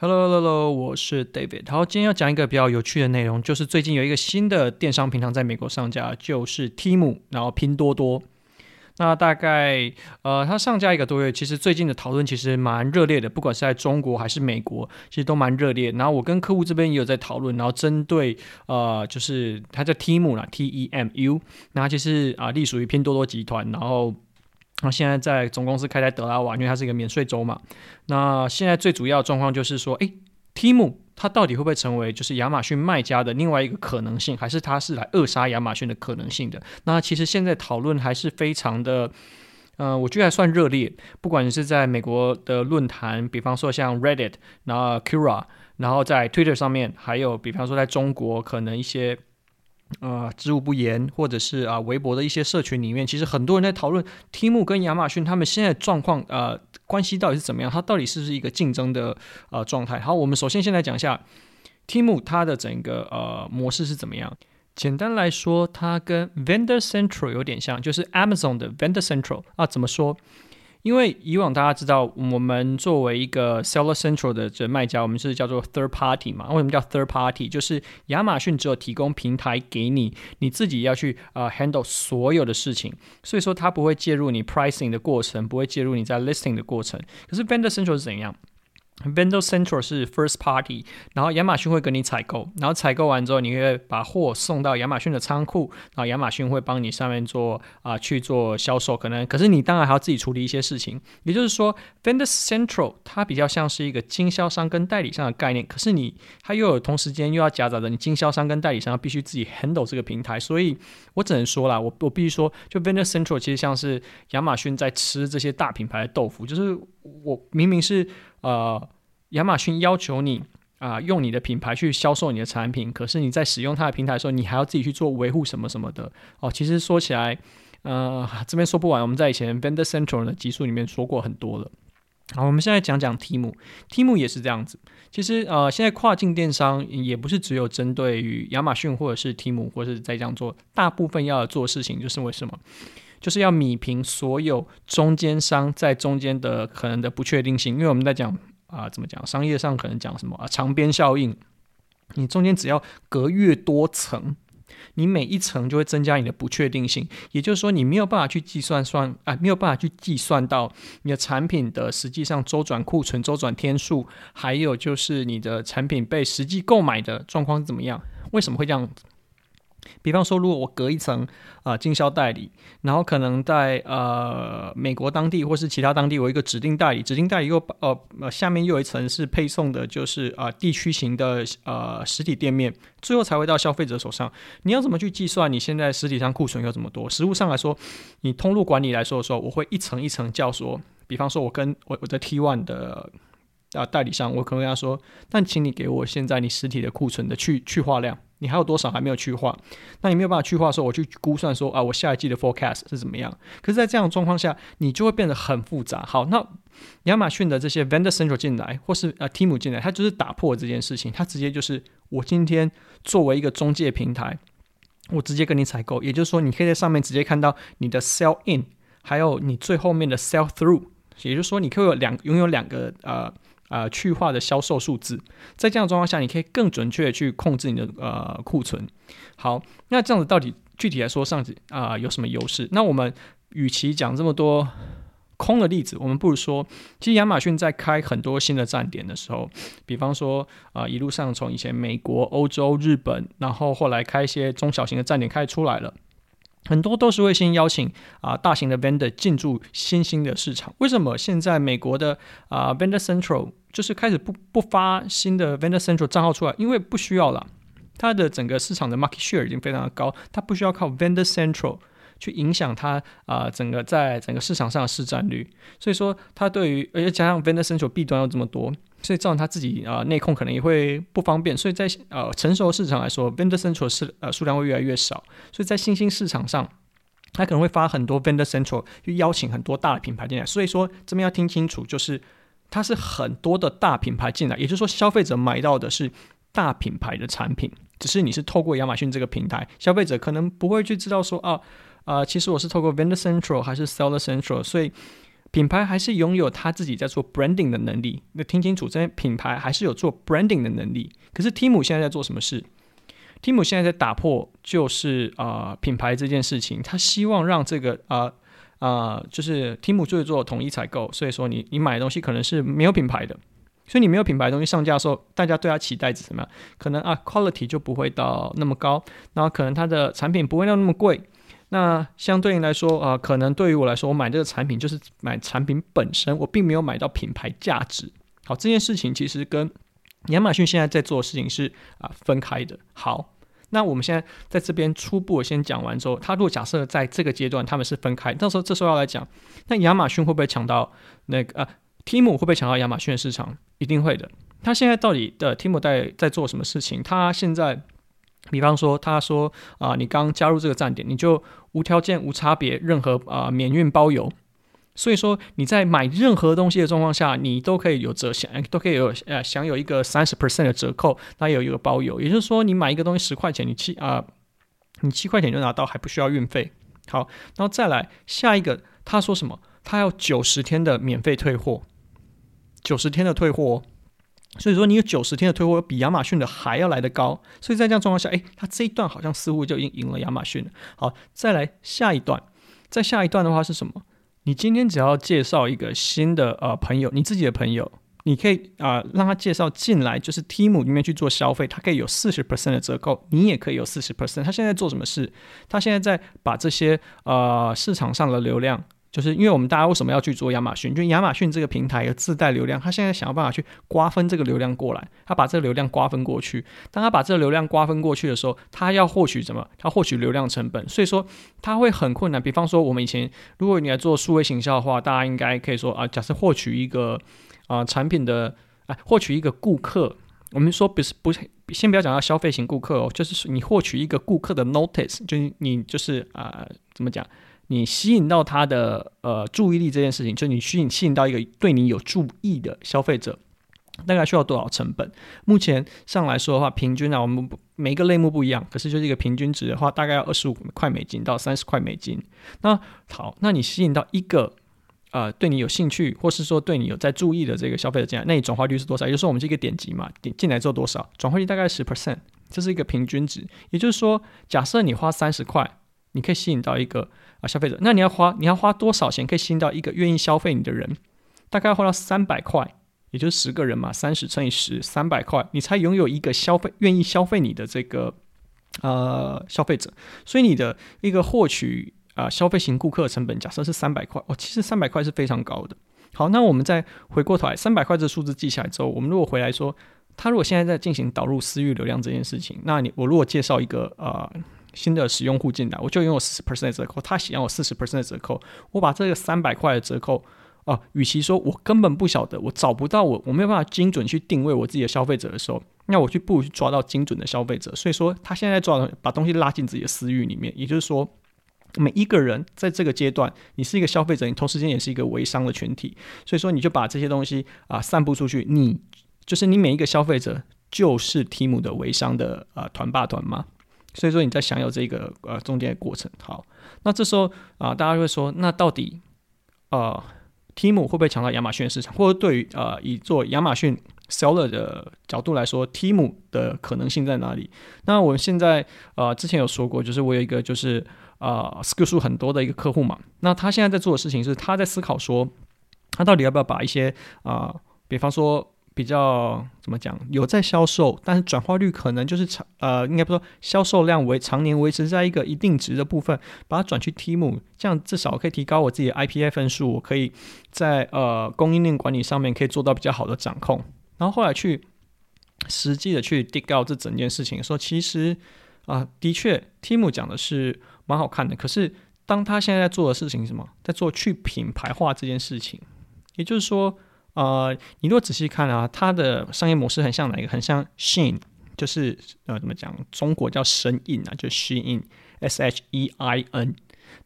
Hello, hello Hello，我是 David。好，今天要講一個比較有趣的內容，就是最近有一個新的電商平台在美國上架，就是 TEMU，然後拼多多。那大概呃，它上架一個多月，其實最近的討論其實蠻熱烈的，不管是在中國還是美國，其實都蠻熱烈。然後我跟客戶這邊也有在討論，然後針對呃，就是它叫 TEMU 啦，T.E.M.U.，那其實啊、呃，隸屬於拼多多集團，然後。那現在在總公司開在德拉瓦，因為它是一個免稅州嘛。那現在最主要的狀況就是說，誒 TEMU 它到底會不會成為就是亞馬遜賣家的另外一個可能性，還是它是來扼殺亞馬遜的可能性的？那其實現在討論還是非常的，呃，我覺得還算熱烈。不管是在美國的論壇，比方說像 Reddit，然後 Quora，然後在 Twitter 上面，還有比方說在中國可能一些。呃，知無不言，或者是啊，微博的一些社群裡面，其實很多人在討論 TEMU 跟亞馬遜他們現在的狀況，呃，關係到底是怎麼樣？它到底是不是一個競爭的呃狀態？好，我們首先先來講一下 TEMU 它的整個呃模式是怎麼樣。簡單來說，它跟 Vendor Central 有點像，就是 Amazon 的 Vendor Central 啊，怎麼說？因為以往大家知道，我們作為一個 Seller Central 的這賣家，我們是叫做 third party 嘛。為什麼叫 third party？就是亞馬遜只有提供平台給你，你自己要去啊、呃、handle 所有的事情，所以說它不會介入你 pricing 的過程，不會介入你在 listing 的過程。可是 Vendor Central 是怎樣？Vendor Central 是 First Party，然後亞馬遜會給你採購，然後採購完之後，你會把貨送到亞馬遜的倉庫，然後亞馬遜會幫你上面做啊、呃、去做銷售，可能可是你當然還要自己處理一些事情。也就是說，Vendor Central 它比較像是一個經銷商跟代理商的概念，可是你它又有同時間又要夾雜着你經銷商跟代理商必須自己 handle 這個平台，所以我只能說啦，我我必須說，就 Vendor Central 其實像是亞馬遜在吃這些大品牌的豆腐，就是我明明是。呃，亞馬遜要求你啊、呃，用你的品牌去銷售你的產品，可是你在使用它的平台的時候，你還要自己去做維護什麼什麼的。哦，其實說起來，呃，這邊說不完，我們在以前 Vendor Central 的集數裡面說過很多了。好，我們現在講講 TEMU，TEMU 也是這樣子。其實呃，現在跨境電商也不是只有針對於亞馬遜或者是 TEMU，或者是在這樣做，大部分要做的事情就是為什麼？就是要弭平所有中間商在中間的可能的不確定性，因為我們在講啊、呃，怎麼講？商業上可能講什麼啊、呃？長鞭效應？你中間只要隔越多層，你每一層就會增加你的不確定性。也就是說，你沒有辦法去計算算啊、呃，沒有辦法去計算到你的產品的實際上周轉庫存周轉天數，還有就是你的產品被實際購買的狀況是怎麼樣？為什麼會這樣比方說，如果我隔一層啊、呃、經銷代理，然後可能在呃美國當地或是其他當地有一個指定代理，指定代理又呃呃下面又有一層是配送的，就是啊、呃、地區型的呃實體店面，最後才會到消費者手上。你要怎麼去計算你現在實體上庫存有這麼多？實務上來說，你通路管理來說的時候，我會一層一層叫說，比方說我跟我我的 T one 的啊、呃、代理商，我可能要說，但請你給我現在你實體的庫存的去去化量。你還有多少還沒有去化？那你沒有辦法去化的時候，我去估算說啊，我下一季的 forecast 是怎麼樣？可是，在這樣的狀況下，你就會變得很複雜。好，那亞馬遜的這些 vendor central 進來，或是呃 TEMU 進來，它就是打破這件事情。它直接就是我今天作為一個中介平台，我直接跟你採購。也就是說，你可以在上面直接看到你的 sell in，還有你最後面的 sell through。也就是說，你可以有兩擁有兩個呃。啊、呃，去化的銷售數字，在這樣的狀況下，你可以更準確地去控制你的呃庫存。好，那這樣子到底具體來說，上，上、呃、啊有什麼優勢？那我們與其講這麼多空的例子，我們不如說，其實亞馬遜在開很多新的站點的時候，比方說啊、呃，一路上從以前美國、歐洲、日本，然後後來開一些中小型的站點開始出來了，很多都是會先邀請啊、呃、大型的 vendor 進駐新興的市場。為什麼現在美國的啊、呃、Vendor Central 就是開始不不發新的 Vendor Central 賬號出來，因為不需要了，它，的整個市場的 Market Share 已經非常的高，它不需要靠 Vendor Central 去影響它啊、呃、整個在整個市場上的市佔率。所以說它對於，而且加上 Vendor Central 的弊端又這麼多，所以造成它自己啊、呃、內控可能也會不方便。所以在呃成熟的市場來說，Vendor Central 是呃數量會越來越少。所以在新興市場上，它可能會發很多 Vendor Central 去邀請很多大的品牌進來。所以說這邊要聽清楚，就是。它是很多的大品牌進來，也就是說，消費者買到的是大品牌的產品，只是你是透過亞馬遜這個平台，消費者可能不會去知道說啊，呃，其實我是透過 Vendor Central 還是 Seller Central，所以品牌還是擁有他自己在做 branding 的能力。那聽清楚，這些品牌還是有做 branding 的能力。可是 Temu 現在在做什麼事？Temu 現在在打破就是啊、呃、品牌這件事情，他希望讓這個啊。呃啊、呃，就是 TEMU 就是做統一採購，所以說你你買的東西可能是沒有品牌的，所以你沒有品牌的東西上架的時候，大家對它期待值怎麼樣？可能啊，quality 就不會到那麼高，然後可能它的產品不會到那麼貴，那相對應來說啊、呃，可能對於我來說，我買的這個產品就是買產品本身，我並沒有買到品牌價值。好，這件事情其實跟亞馬遜現在在做的事情是啊分開的。好。那我們現在在這邊初步先講完之後，他如果假設在這個階段他們是分開，到時候這時候要來講，那亞馬遜會不會搶到那個呃 TEMU 會不會搶到亞馬遜市場？一定會的。他現在到底的 TEMU 在在做什麼事情？他現在，比方說他說啊、呃，你剛加入這個站點，你就無條件無差別任何啊、呃、免運包郵。所以說你在買任何東西的狀況下，你都可以有折現，都可以有呃，享有一個三十 percent 的折扣，它有一個包郵。也就是說，你買一個東西十塊錢，你七啊、呃，你七塊錢就拿到，還不需要運費。好，然後再來下一個，他說什麼？他要九十天的免費退貨，九十天的退貨。所以說你有九十天的退貨，比亞馬遜的還要來得高。所以在這樣狀況下，哎，他這一段好像似乎就已經贏了亞馬遜了。好，再來下一段，再下一段的話是什麼？你今天只要介紹一個新的呃朋友，你自己的朋友，你可以啊、呃、讓他介紹進來，就是 TEMU 裡面去做消費，他可以有四十 percent 的折扣，你也可以有四十 percent。他現在在做什麼事？他現在在把這些呃市場上的流量，就是因為我們大家為什麼要去做亞馬遜？因為亞馬遜這個平台有自帶流量，他現在想要辦法去瓜分這個流量過來，他把這個流量瓜分過去。當他把這個流量瓜分過去的時候，他要獲取什麼？他獲取流量成本。所以說他會很困難。比方說，我們以前如果你來做數位行銷的話，大家應該可以說啊、呃，假設獲取一個啊、呃、產品的啊、呃、獲取一個顧客，我們說不是不是，先不要講到消費型顧客、哦，就是你獲取一個顧客的 notice，就是你就是啊、呃、怎麼講？你吸引到他的呃注意力，這件事情，就你吸引吸引到一個對你有注意的消費者，大概需要多少成本？目前上來說的話，平均呢、啊，我們不每一個類目不一樣，可是就是一個平均值的話，大概要二十五塊美金到三十塊美金。那好，那你吸引到一個呃對你有興趣，或是說對你有在注意的這個消費者進來，那你轉化率是多少？也就是說，我們這個點擊嘛，點進來做多少，轉化率大概十 percent，這是一個平均值。也就是說，假設你花三十塊。你可以吸引到一個啊消費者，那你要花你要花多少錢可以吸引到一個願意消費你的人？大概要花到三百塊，也就是十個人嘛，三十乘以十，三百塊，你才擁有一個消費願意消費你的這個呃消費者。所以你的一個獲取啊，呃，消費型顧客的成本，假設是三百塊，哦，其實三百塊是非常高的。好，那我們再回過頭來，三百塊這個數字記下來之後，我們如果回來說，他如果現在在進行導入私域流量這件事情，那你我如果介紹一個呃。新的使用戶進來，我就擁有四十 percent 的折扣，他想要我四十 percent 的折扣，我把這個三百塊的折扣啊、呃，與其說我根本不曉得，我找不到我，我沒有辦法精準去定位我自己的消費者的時候，那我去不如去抓到精準的消費者。所以說，他現在抓的把東西拉進自己的私域裡面，也就是說，每一個人在這個階段，你是一個消費者，你同時間也是一個微商的群體，所以說你就把這些東西啊、呃、散布出去，你就是你每一個消費者就是 TEMU 的微商的啊、呃、團爸團媽。所以說你在享有這個呃中間的過程。好，那這時候啊、呃，大家會說，那到底呃，TEMU 會不會搶到亞馬遜的市場？或者對於啊、呃，以做亞馬遜 Seller 的角度來說，TEMU 的可能性在哪裡？那我們現在啊、呃，之前有說過，就是我有一個就是啊、呃、，SKU 數很多的一個客戶嘛。那他現在在做的事情是，他在思考說，他到底要不要把一些啊、呃，比方說。比較怎麼講，有在銷售，但是轉化率可能就是長呃，應該不說銷售量為常年維持在一個一定值的部分，把它轉去 TEMU 這樣至少可以提高我自己的 IPI 分數，我可以在呃供應鏈管理上面可以做到比較好的掌控。然後後來去實際的去 dig out 這整件事情的時候，說其實啊、呃，的確 TEMU 講的是蠻好看的，可是當他現在在做的事情是什麼？在做去品牌化這件事情，也就是說。呃，你如果仔細看啊，它的商業模式很像哪一個？很像 Shein，就是呃，怎麼講？中國叫 Shein 啊，就 Shein，S H E I N。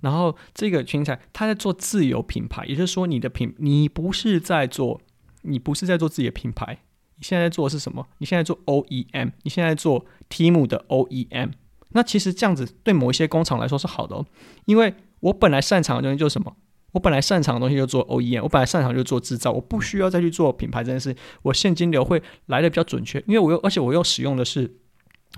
然後這個平台，他在做自有品牌，也就是說你的品，你不是在做，你不是在做自己的品牌。你現在在做的是什麼？你現在在做 OEM，你現在在做 TEMU 的 OEM。那其實這樣子對某一些工廠來說是好的哦，因為我本來擅長的東西就是什麼？我本來擅長的東西就做 OEM，我本來擅長就做製造，我不需要再去做品牌這件事。我現金流會來得比較準確，因為我又而且我又使用的是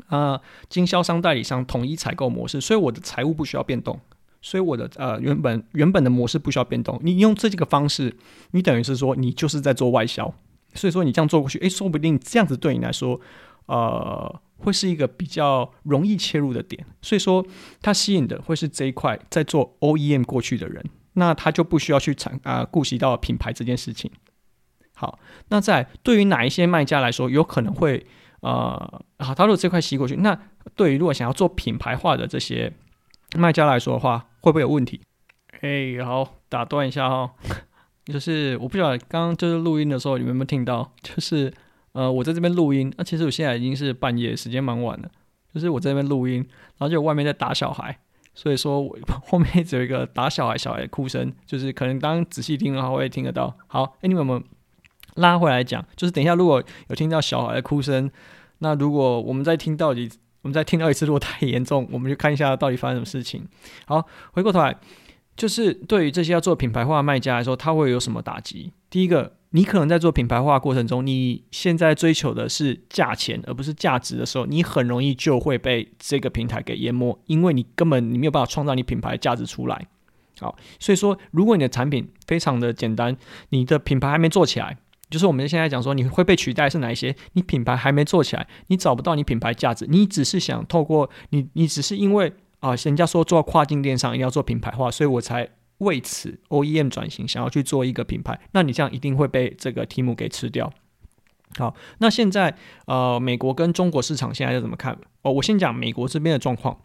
啊、呃、經銷商、代理商統一採購模式，所以我的財務不需要變動，所以我的呃原本原本的模式不需要變動。你用這幾個方式，你等於是說你就是在做外銷，所以說你這樣做過去，誒，說不定這樣子對你來說，呃，會是一個比較容易切入的點。所以說它吸引的會是這一塊在做 OEM 過去的人。那他就不需要去產啊顧及到品牌這件事情。好，那在對於哪一些賣家來說，有可能會、呃、啊他如果這塊吸過去，那對於如果想要做品牌化的這些賣家來說的話，會不會有問題？哎、欸，好，打斷一下哈、哦，就是我不曉得剛剛就是錄音的時候，你們有沒有聽到？就是呃，我在這邊錄音，那、啊、其實我現在已經是半夜，時間蠻晚了，就是我在這邊錄音，然後就外面在打小孩。所以說，我後面只有一個打小孩，小孩的哭聲，就是可能當仔細聽的話，會聽得到。好，哎，你們我們拉回來講，就是等一下如果有聽到小孩的哭聲，那如果我們再聽到底，我們再聽到一次如果太嚴重，我們就看一下到底發生什麼事情。好，回過頭來，就是對於這些要做品牌化的賣家來說，他會有什麼打擊？第一個。你可能在做品牌化過程中，你現在追求的是價錢而不是價值的時候，你很容易就會被這個平台給淹沒，因為你根本你沒有辦法創造你品牌價值出來。好，所以說，如果你的產品非常的簡單，你的品牌還沒做起來，就是我們現在講說你會被取代是哪一些？你品牌還沒做起來，你找不到你品牌價值，你只是想透過你，你只是因為啊、呃，人家說做跨境電商一定要做品牌化，所以我才。為此，OEM 轉型想要去做一個品牌，那你這樣一定會被這個 TEMU 給吃掉。好，那現在呃，美國跟中國市場現在又怎麼看？哦，我先講美國這邊的狀況。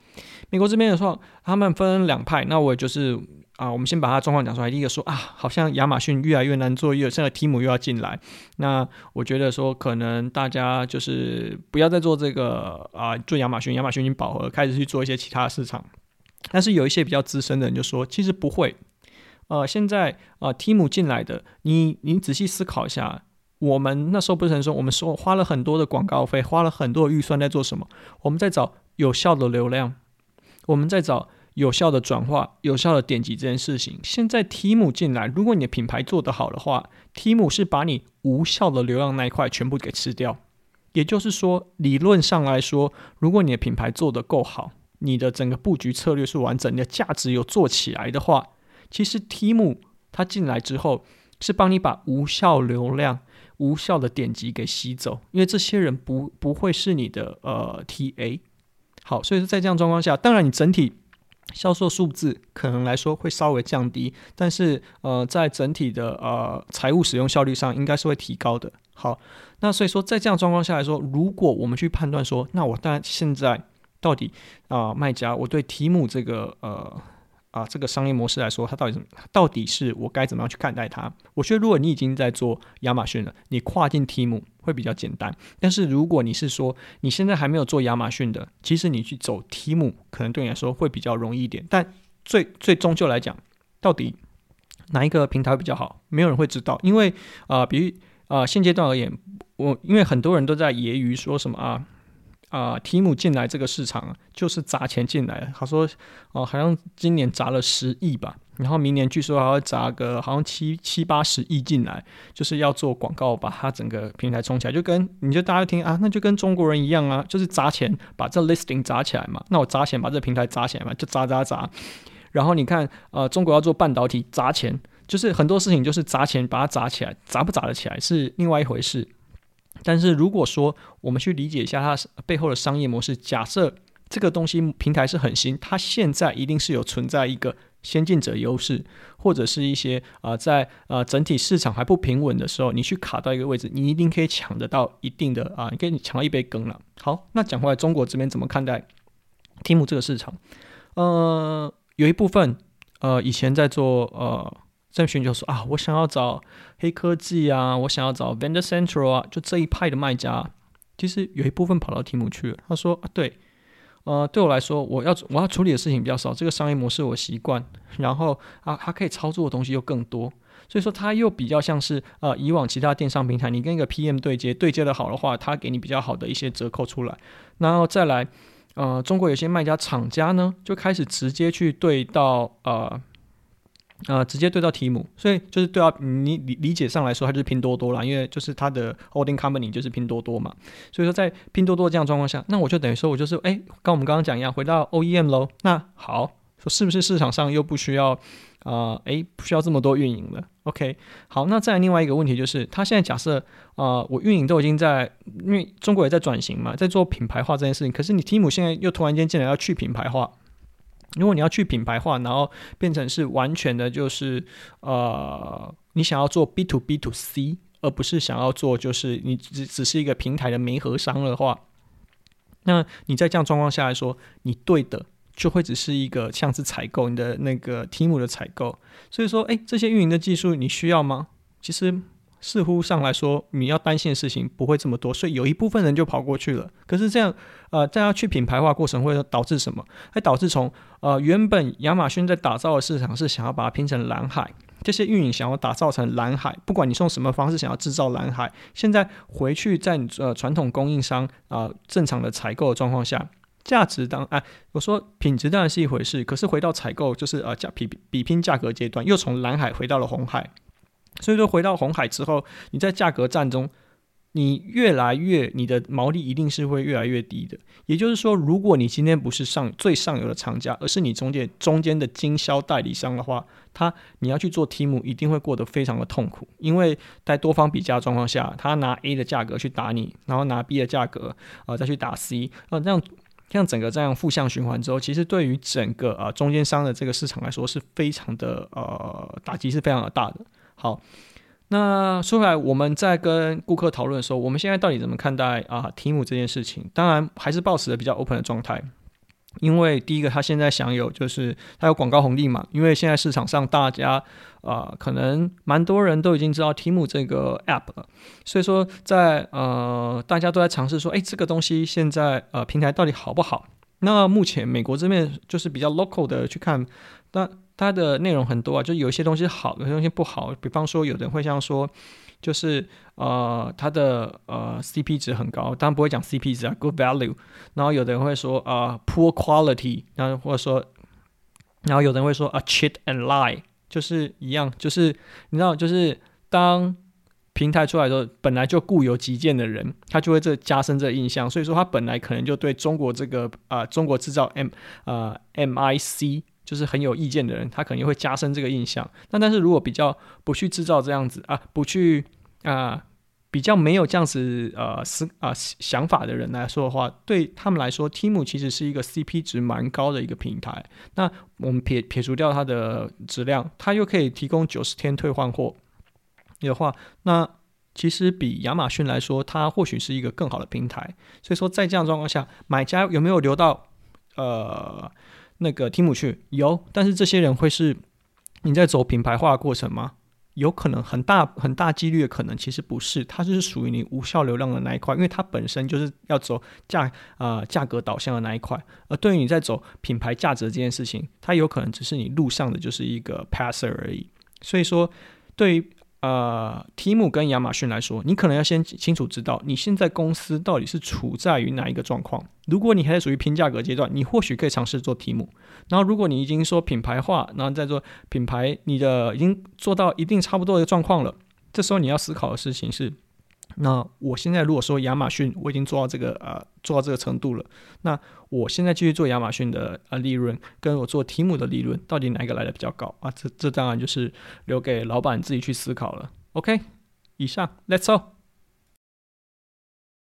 美國這邊的狀況，他們分兩派。那我就是啊、呃，我們先把它狀況講出來。第一個說啊，好像亞馬遜越來越難做，越現在 TEMU 又要進來，那我覺得說可能大家就是不要再做這個啊，做亞馬遜，亞馬遜已經飽和，開始去做一些其他市場。但是有一些比較資深的人就說，其實不會。呃，現在啊，TEMU、呃、進來的，你你仔細思考一下，我們那時候不是說我們說花了很多的廣告費，花了很多的預算在做什麼？我們在找有效的流量，我們在找有效的轉化、有效的點擊這件事情。現在 TEMU 進來，如果你的品牌做得好的話，TEMU 是把你無效的流量那一塊全部給吃掉。也就是說，理論上來說，如果你的品牌做得夠好，你的整個布局策略是完整，你的價值有做起來的話。其實 TEMU 它進來之後，是幫你把無效流量、無效的點擊給吸走，因為這些人不不會是你的呃 TA。好，所以說在這樣狀況下，當然你整體銷售數字可能來說會稍微降低，但是呃，在整體的呃財務使用效率上應該是會提高的。好，那所以說在這樣狀況下來說，如果我們去判斷說，那我當然現在到底啊、呃、賣家我對 TEMU 這個呃。啊，這個商業模式來說，它到底怎麼？到底是我該怎麼樣去看待它？我覺得，如果你已經在做亞馬遜了，你跨進 TEMU 會比較簡單。但是，如果你是說你現在還沒有做亞馬遜的，其實你去走 TEMU 可能對你來說會比較容易一點。但最最終就來講，到底哪一個平台比較好，沒有人會知道，因為啊、呃，比如啊、呃，現階段而言，我因為很多人都在揶揄說什麼啊。啊、呃，TEMU 進來這個市場就是砸錢進來。他說，哦、呃，好像今年砸了十億吧，然後明年據說還要砸個好像七七八十億進來，就是要做廣告，把他整個平台衝起來。就跟你就大家聽啊，那就跟中國人一樣啊，就是砸錢把這 listing 砸起來嘛。那我砸錢把這平台砸起來嘛，就砸砸砸。然後你看，呃，中國要做半導體砸錢，就是很多事情就是砸錢把它砸起來，砸不砸得起來是另外一回事。但是如果說我們去理解一下它背後的商業模式，假設這個東西平台是很新，它現在一定是有存在一個先進者優勢，或者是一些啊、呃，在啊、呃、整體市場還不平穩的時候，你去卡到一個位置，你一定可以搶得到一定的啊、呃，你可以搶到一杯羹了。好，那講回來，中國這邊怎麼看待 TEMU 這個市場？呃，有一部分呃以前在做呃。就說啊，我想要找黑科技啊，我想要找 Vendor Central 啊，就這一派的賣家，其實有一部分跑到 TEMU 去了。他說、啊，對，呃，對我來說，我要我要處理的事情比較少，這個商業模式我習慣，然後啊，它可以操作的東西又更多，所以說它又比較像是呃，以往其他電商平台，你跟一個 PM 對接對接的好的話，它給你比較好的一些折扣出來，然後再來，呃，中國有些賣家廠家呢，就開始直接去對到呃。啊、呃，直接對到 TEMU，所以就是對啊，你理理解上來說，它就是拼多多啦，因為就是它的 holding company 就是拼多多嘛。所以說在拼多多這樣狀況下，那我就等於說我就是哎，跟我們剛剛講一樣，回到 OEM 嘍。那好，說是不是市場上又不需要啊？哎、呃，不需要這麼多運營了。OK，好，那再來另外一個問題就是，它現在假設啊、呃，我運營都已經在，因為中國也在轉型嘛，在做品牌化這件事情。可是你 TEMU 現在又突然間進來要去品牌化。如果你要去品牌化，然後變成是完全的，就是呃，你想要做 B to B to C，而不是想要做就是你只只是一個平台的媒合商的話，那你在這樣狀況下來說，你對的就會只是一個像是採購你的那個 TEMU 的採購，所以說，誒，這些運營的技術你需要嗎？其實。似乎上來說，你要擔心的事情不會這麼多，所以有一部分人就跑過去了。可是這樣，呃，大家去品牌化過程會導致什麼？會導致從呃原本亞馬遜在打造的市場是想要把它拼成藍海，這些運營想要打造成藍海，不管你用什麼方式想要制造藍海，現在回去在你呃傳統供應商啊、呃、正常的採購的狀況下，價值當哎、呃，我說品質當然是一回事，可是回到採購就是呃價比比拼價格階段，又從藍海回到了紅海。所以說，回到紅海之後，你在價格戰中，你越來越你的毛利一定是會越來越低的。也就是說，如果你今天不是上最上游的廠家，而是你中間中間的經銷代理商的話，他你要去做 TEMU，一定會過得非常的痛苦。因為在多方比價狀況下，他拿 A 的價格去打你，然後拿 B 的價格啊、呃、再去打 C 啊、呃，這樣像整個這樣負向循環之後，其實對於整個啊、呃、中間商的這個市場來說，是非常的呃打擊是非常的大的。好，那說回來，我們在跟顧客討論的時候，我們現在到底怎麼看待啊？TEMU、呃、這件事情，當然還是保持的比較 open 的狀態，因為第一個，他現在享有就是他有廣告紅利嘛，因為現在市場上大家啊、呃，可能蠻多人都已經知道 TEMU 這個 app 了，所以說在呃，大家都在嘗試說，誒，這個東西現在呃平台到底好不好？那目前美國這邊就是比較 local 的去看但它的內容很多啊，就有一些東西好，有些東西不好。比方說，有的人會像說，就是呃，它的呃 CP 值很高，當然不會講 CP 值啊，Good Value。然後有的人會說啊、呃、Poor Quality，然後或者說，然後有的人會說 A cheat and lie，就是一樣，就是你知道，就是當平台出來的時候，本來就固有己見的人，他就會這加深這印象。所以說，他本來可能就對中國這個啊、呃、中國制造 M 啊、呃、MIC。就是很有意見的人，他肯定會加深這個印象。那但是如果比較不去制造這樣子啊，不去啊，比較沒有這樣子呃思啊想法的人來說的話，對他們來說，TEMU 其實是一個 CP 值蠻高的一個平台。那我們撇撇除掉它的質量，它又可以提供九十天退換貨的話，那其實比亞馬遜來說，它或許是一個更好的平台。所以說，在這樣狀況下，買家有沒有留到呃？那個聽不去有，但是這些人會是你在走品牌化過程嗎？有可能很大很大幾率的可能其實不是，它就是屬於你無效流量的那一塊，因為它本身就是要走價啊、呃，價格導向的那一塊。而對於你在走品牌價值這件事情，它有可能只是你路上的就是一個 passer 而已。所以說，對於。呃，TEMU 跟亞馬遜來說，你可能要先清楚知道你現在公司到底是處在於哪一個狀況。如果你還是屬於拼價格階段，你或許可以嘗試做 TEMU。然後，如果你已經說品牌化，然後再做品牌，你的已經做到一定差不多的狀況了，這時候你要思考的事情是。那我現在如果說亞馬遜我已經做到這個呃，做到這個程度了，那我現在繼續做亞馬遜的呃，利潤跟我做 TEMU 的利潤到底哪一個來的比較高啊？這這當然就是留給老板自己去思考了。OK，以上，Let's go。Let